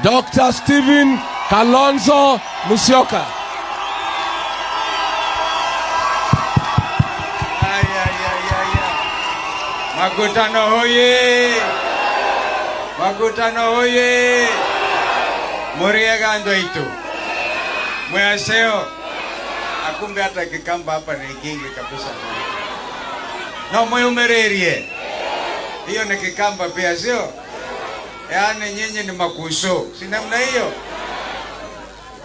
Dr. Stephen Kalonzo Musyoka. Makutano hoye! Makutano hoye! Muriagando itu. Mwaseo. Akumbe hata kikamba hapa ni kingi kabisa. No, mweumererie. Hiyo ni kikamba pia sio? yaani nyinyi ni makuso, si namna hiyo?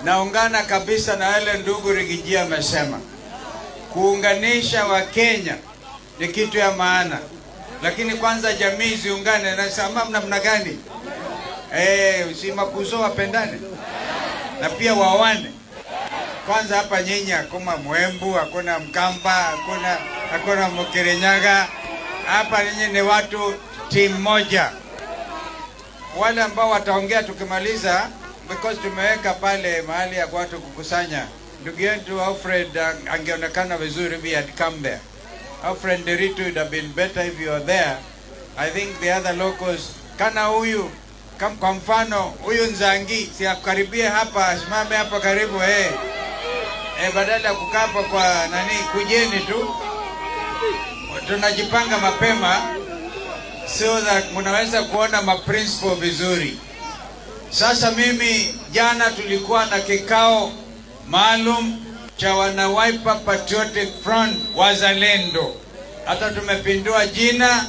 Naungana kabisa na yale ndugu Rigijia amesema, kuunganisha Wakenya ni kitu ya maana, lakini kwanza jamii ziungane. Nasema namna gani? E, si makuso wapendane na pia wawane kwanza. Hapa nyinyi hakuna Mwembu, hakuna Mkamba, hakuna hakuna Mkirinyaga. Hapa nyinyi ni watu timu moja wale ambao wataongea tukimaliza, because tumeweka pale mahali ya watu kukusanya. Ndugu yetu Alfred uh, angeonekana vizuri via he Alfred Nderitu would have been better if you were there. I think the other locals kana huyu kama kwa mfano huyu Nzangi si akaribie hapa, asimame hapa karibu eh. Eh, badala ya kukaa kwa nani, kujeni tu, tunajipanga mapema sio za mnaweza kuona maprinciple vizuri. Sasa mimi jana tulikuwa na kikao maalum cha wanawiper Patriotic Front wazalendo, hata tumepindua jina,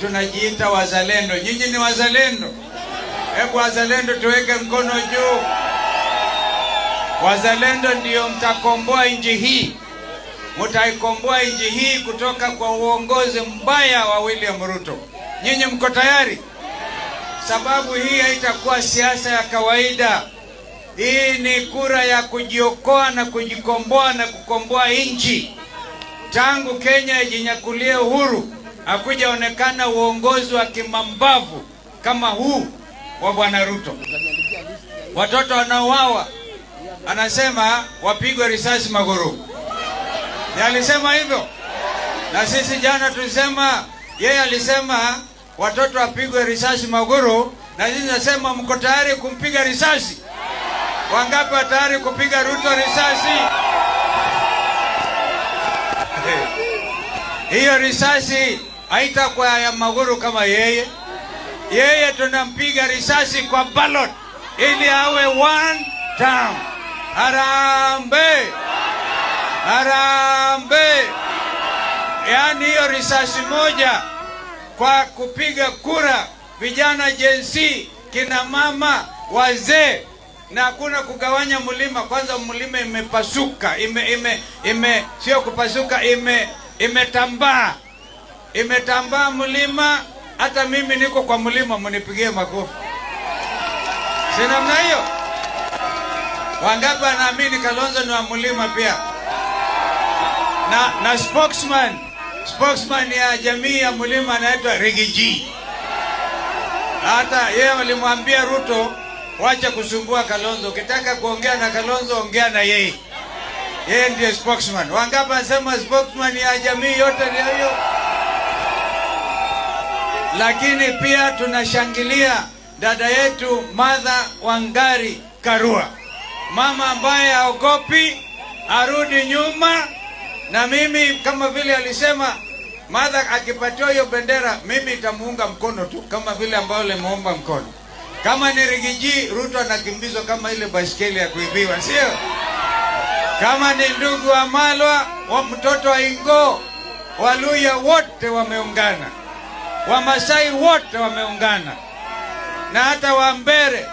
tunajiita tuna wazalendo. Nyinyi ni wazalendo? Hebu wazalendo tuweke mkono juu. Wazalendo ndio mtakomboa nchi hii mtaikomboa nchi hii kutoka kwa uongozi mbaya wa William Ruto. Nyinyi mko tayari? Sababu hii haitakuwa siasa ya kawaida. Hii ni kura ya kujiokoa na kujikomboa na kukomboa nchi. Tangu Kenya ijinyakulie uhuru, hakujaonekana uongozi wa kimambavu kama huu wa Bwana Ruto. Watoto wanaouawa, anasema wapigwe risasi maguruu. Si alisema hivyo? Na sisi jana tulisema, yeye alisema watoto wapigwe risasi Maguru, na sisi nasema mko tayari kumpiga risasi? Wangapi wa tayari kupiga Ruto risasi? Hiyo risasi haitakuwa ya Maguru kama yeye. Yeye tunampiga risasi kwa ballot ili awe one term. Harambee! Harambe! Yaani hiyo risasi moja kwa kupiga kura, vijana jensi, kina mama, wazee na hakuna kugawanya mlima. Kwanza mlima imepasuka, ime, ime, ime sio kupasuka, ime imetambaa, imetambaa mlima. Hata mimi niko kwa mlima, mnipigie makofi. Si namna hiyo? Wangapi wanaamini Kalonzo ni wa mlima pia? na, na spokesman spokesman ya jamii ya mlima anaitwa Rigiji. Hata yeye walimwambia Ruto, wacha kusumbua Kalonzo, ukitaka kuongea na Kalonzo ongea na yeye, yeye ndiye spokesman. Wangapi anasema spokesman ya jamii yote ndio hiyo? Lakini pia tunashangilia dada yetu Martha Wangari Karua, mama ambaye haogopi, arudi nyuma na mimi kama vile alisema madha akipatiwa hiyo bendera, mimi itamuunga mkono tu kama vile ambayo limeomba mkono. Kama ni Rigiji, Ruto anakimbizwa kama ile baiskeli ya kuibiwa, sio? Kama ni ndugu wa Malwa wa mtoto wa Ingo, Waluya wote wameungana, Wamasai wote wameungana na hata Wambere.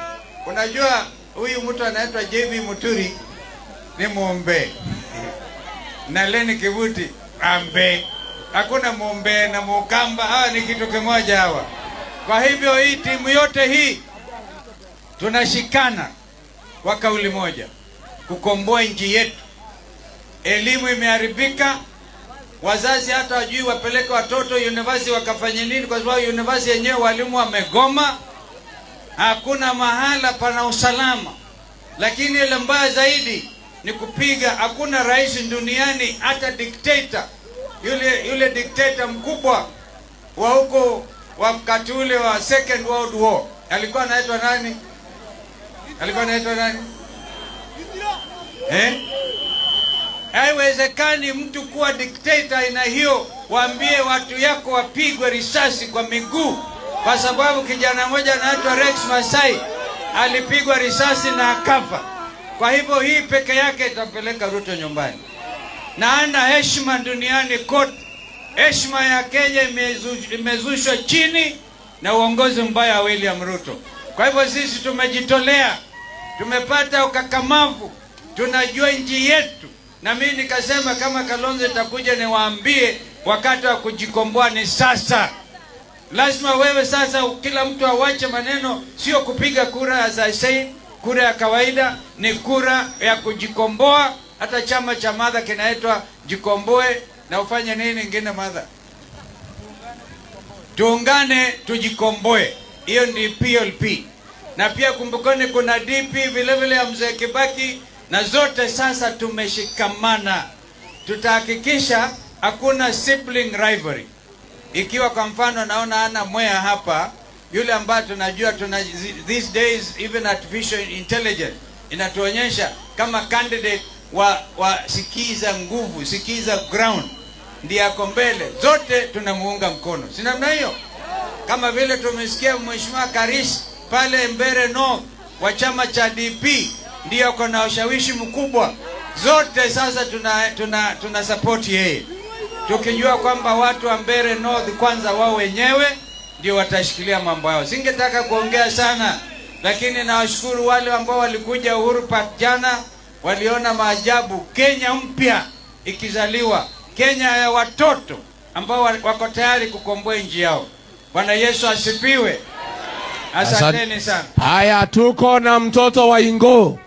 Unajua huyu mtu anaitwa JB Muturi, ni muombee na Leni Kivuti ambe, hakuna mombe na Mukamba, hawa ni kitu kimoja hawa. Kwa hivyo hii timu yote hii tunashikana kwa kauli moja kukomboa nchi yetu. Elimu imeharibika, wazazi hata wajui wapeleke watoto university wakafanye nini, kwa sababu university yenyewe walimu wamegoma, hakuna mahala pana usalama. Lakini ile mbaya zaidi ni kupiga. Hakuna rais duniani, hata dikteta yule yule dikteta mkubwa wa huko wakati ule wa Second World War alikuwa anaitwa nani? Alikuwa anaitwa nani? Eh? Haiwezekani mtu kuwa dikteta aina hiyo, waambie watu yako wapigwe risasi kwa miguu, kwa sababu kijana mmoja anaitwa Rex Masai alipigwa risasi na akafa. Kwa hivyo hii peke yake itampeleka Ruto nyumbani, na ana heshima duniani kote. Heshima ya Kenya imezushwa chini na uongozi mbaya wa William Ruto. Kwa hivyo sisi tumejitolea, tumepata ukakamavu, tunajua nchi yetu, na mimi nikasema kama Kalonzo itakuja niwaambie, wakati wa kujikomboa ni sasa. Lazima wewe sasa, kila mtu awache maneno, sio kupiga kura za I Kura ya kawaida ni kura ya kujikomboa. Hata chama cha madha kinaitwa Jikomboe, na ufanye nini ingine madha? Tuungane, tujikomboe. Hiyo ndi PLP. Na pia kumbukeni, kuna DP vile vile ya mzee Kibaki, na zote sasa tumeshikamana. Tutahakikisha hakuna sibling rivalry. Ikiwa kwa mfano naona ana Mwea hapa yule ambaye tunajua tuna these days even artificial intelligence inatuonyesha kama candidate wa, wa sikiza nguvu sikiza ground ndiye ako mbele, zote tunamuunga mkono, si namna hiyo? Kama vile tumesikia mheshimiwa Karis pale Mbere no wa chama cha DP ndiye ako na ushawishi mkubwa, zote sasa tuna, tuna, tuna support yeye tukijua kwamba watu wa Mbere North kwanza wao wenyewe ndio watashikilia mambo yao. Singetaka kuongea sana, lakini nawashukuru wale ambao walikuja Uhuru Park jana, waliona maajabu. Kenya mpya ikizaliwa, Kenya ya watoto ambao wako tayari kukomboa nchi yao. Bwana Yesu asifiwe. Asanteni sana. Haya, tuko na mtoto wa Ingo,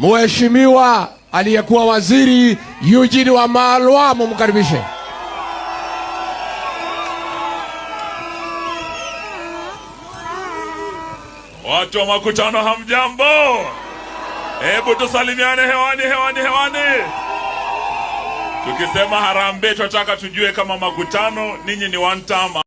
Mheshimiwa aliyekuwa waziri Eugene Wamalwa, mumkaribishe. Watu wa makutano hamjambo? Hebu tusalimiane hewani, hewani, hewani. Tukisema harambee, twataka tujue kama makutano ninyi ni one time